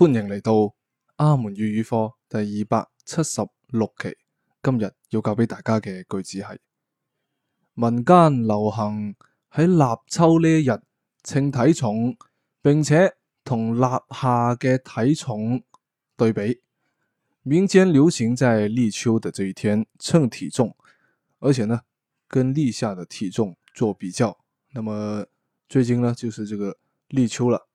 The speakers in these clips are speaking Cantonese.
歡迎嚟到阿門粵語課第二百七十六期。今日要教俾大家嘅句子係：民間流行喺立秋呢一日稱體重，並且同立夏嘅體重對比。民間流行在立秋的這一天稱體重，而且呢跟立夏的體重做比較。那麼最近呢就是這個立秋了。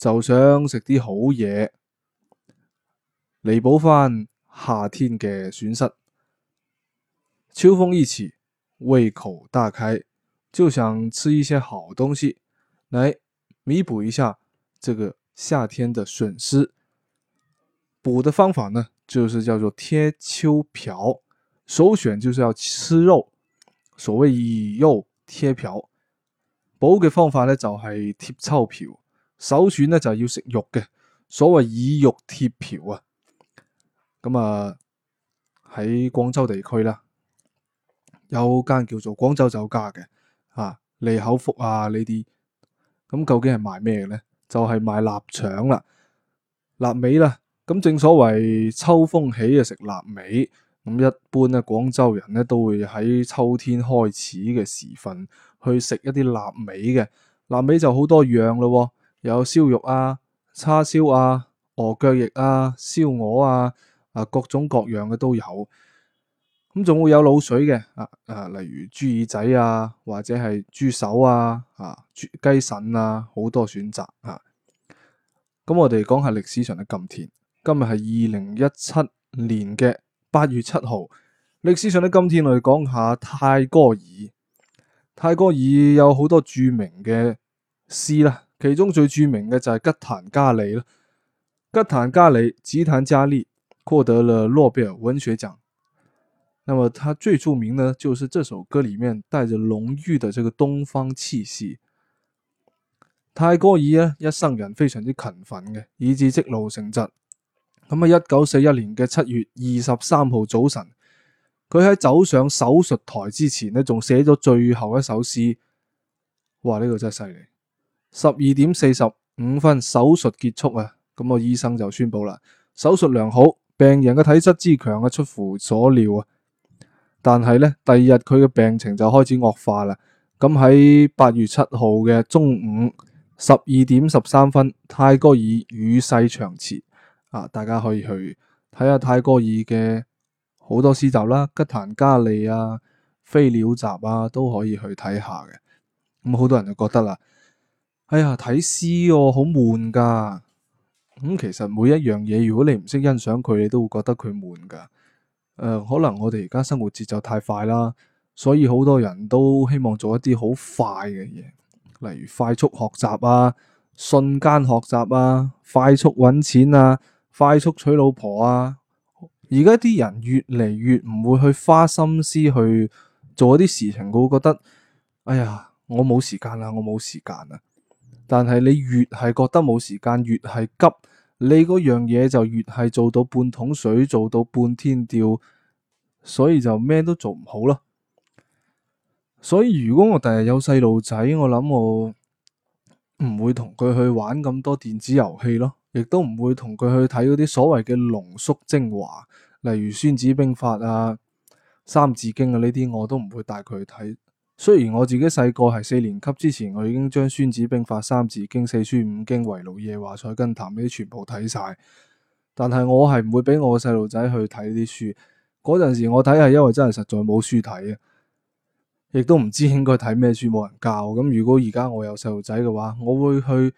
就想食啲好嘢彌補翻夏天嘅損失。秋風一起，胃口大開，就想吃一些好東西嚟彌補一下這個夏天的損失。補的方法呢，就是叫做貼秋膘，首選就是要吃肉，所謂以肉貼膘。補嘅方法呢，就係貼秋膘。首選咧就係要食肉嘅，所謂以肉貼膘啊。咁啊喺廣州地區啦，有間叫做廣州酒家嘅，吓、啊、利口福啊呢啲，咁究竟係賣咩嘅咧？就係、是、賣臘腸啦、臘味啦。咁正所謂秋風起啊，食臘味。咁一般咧，廣州人咧都會喺秋天開始嘅時分去食一啲臘味嘅，臘味就好多樣咯。有燒肉啊、叉燒啊、鵝腳翼啊、燒鵝啊，啊，各種各樣嘅都有。咁仲會有滷水嘅啊啊，例如豬耳仔啊，或者係豬手啊啊，豬雞腎啊，好多選擇啊。咁我哋講下歷史上嘅今天，今日係二零一七年嘅八月七號。歷史上嘅今天，我哋講下泰戈爾。泰戈爾有好多著名嘅詩啦。其中最著名嘅就係吉檀迦利啦，吉檀迦利、吉檀迦利獲得了諾貝爾文學獎。那麼，它最著名呢，就是這首歌裏面帶着濃郁的這個東方氣息。泰戈爾呢，一生人非常之勤奮嘅，以致積勞成疾。咁啊，一九四一年嘅七月二十三號早晨，佢喺走上手術台之前咧，仲寫咗最後一首詩。哇，呢、這個真係犀利！十二點四十五分手術結束啊，咁個醫生就宣布啦，手術良好，病人嘅體質之強啊，出乎所料啊。但係咧，第二日佢嘅病情就開始惡化啦。咁喺八月七號嘅中午十二點十三分，泰戈爾與世長辭啊！大家可以去睇下泰戈爾嘅好多詩集啦，《吉檀加利》啊，《飛鳥集》啊，都可以去睇下嘅。咁好多人就覺得啦。哎呀，睇詩哦，好悶噶。咁、嗯、其實每一樣嘢，如果你唔識欣賞佢，你都會覺得佢悶噶。誒、呃，可能我哋而家生活節奏太快啦，所以好多人都希望做一啲好快嘅嘢，例如快速學習啊、瞬間學習啊、快速揾錢啊、快速娶老婆啊。而家啲人越嚟越唔會去花心思去做一啲事情，佢會覺得，哎呀，我冇時間啦，我冇時間啦。但係你越係覺得冇時間，越係急，你嗰樣嘢就越係做到半桶水，做到半天吊，所以就咩都做唔好咯。所以如果我第日有細路仔，我諗我唔會同佢去玩咁多電子遊戲咯，亦都唔會同佢去睇嗰啲所謂嘅濃縮精華，例如《孫子兵法》啊，《三字經》啊呢啲，我都唔會帶佢去睇。雖然我自己細個係四年級之前，我已經將《孫子兵法》《三字經》《四書五經》《圍爐夜話》《菜根譚》呢啲全部睇晒，但係我係唔會俾我個細路仔去睇呢啲書。嗰陣時我睇係因為真係實在冇書睇啊，亦都唔知應該睇咩書，冇人教。咁如果而家我有細路仔嘅話，我會去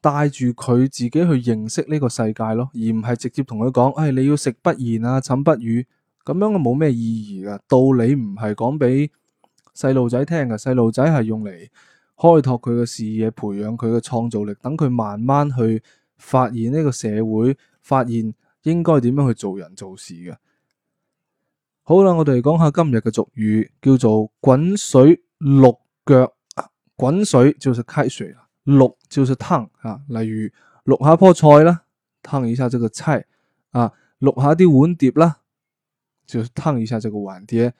帶住佢自己去認識呢個世界咯，而唔係直接同佢講：哎，你要食不言啊，寢不語，咁樣我冇咩意義噶。道理唔係講俾。細路仔聽噶，細路仔係用嚟開拓佢嘅視野，培養佢嘅創造力，等佢慢慢去發現呢個社會，發現應該點樣去做人做事嘅。好啦，我哋嚟講下今日嘅俗語，叫做滾水渌腳。滾、啊、水就是開水啦，渌就是燙啊。例如渌下一棵菜啦，燙一下這個菜啊，渌下啲碗碟啦、啊啊，就燙、是、一下這個碗碟。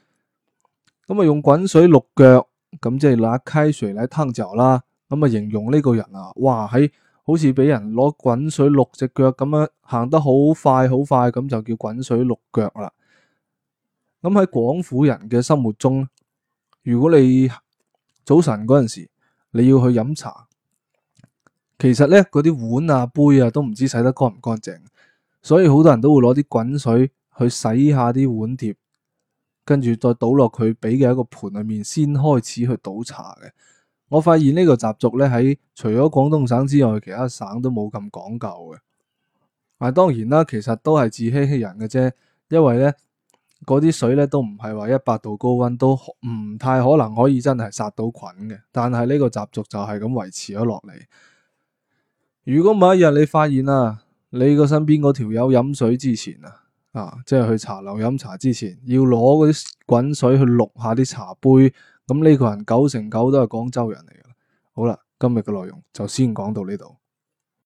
咁啊，用滾水渌腳，咁即係拿溪水嚟渌嚼啦。咁啊，形容呢個人啊，哇喺好似俾人攞滾水渌隻腳咁樣，行得好快好快，咁就叫滾水渌腳啦。咁喺廣府人嘅生活中，如果你早晨嗰陣時你要去飲茶，其實咧嗰啲碗啊杯啊都唔知洗得乾唔乾淨，所以好多人都會攞啲滾水去洗下啲碗碟。跟住再倒落佢俾嘅一個盤裏面，先開始去倒茶嘅。我發現個習呢個習俗咧喺除咗廣東省之外，其他省都冇咁講究嘅。但當然啦，其實都係自欺欺人嘅啫，因為咧嗰啲水咧都唔係話一百度高溫，都唔太可能可以真係殺到菌嘅。但係呢個習俗就係咁維持咗落嚟。如果某一日你發現啊，你個身邊嗰條友飲水之前啊～啊，即係去茶樓飲茶之前，要攞嗰啲滾水去渌下啲茶杯，咁呢個人九成九都係廣州人嚟嘅啦。好啦，今日嘅內容就先講到呢度。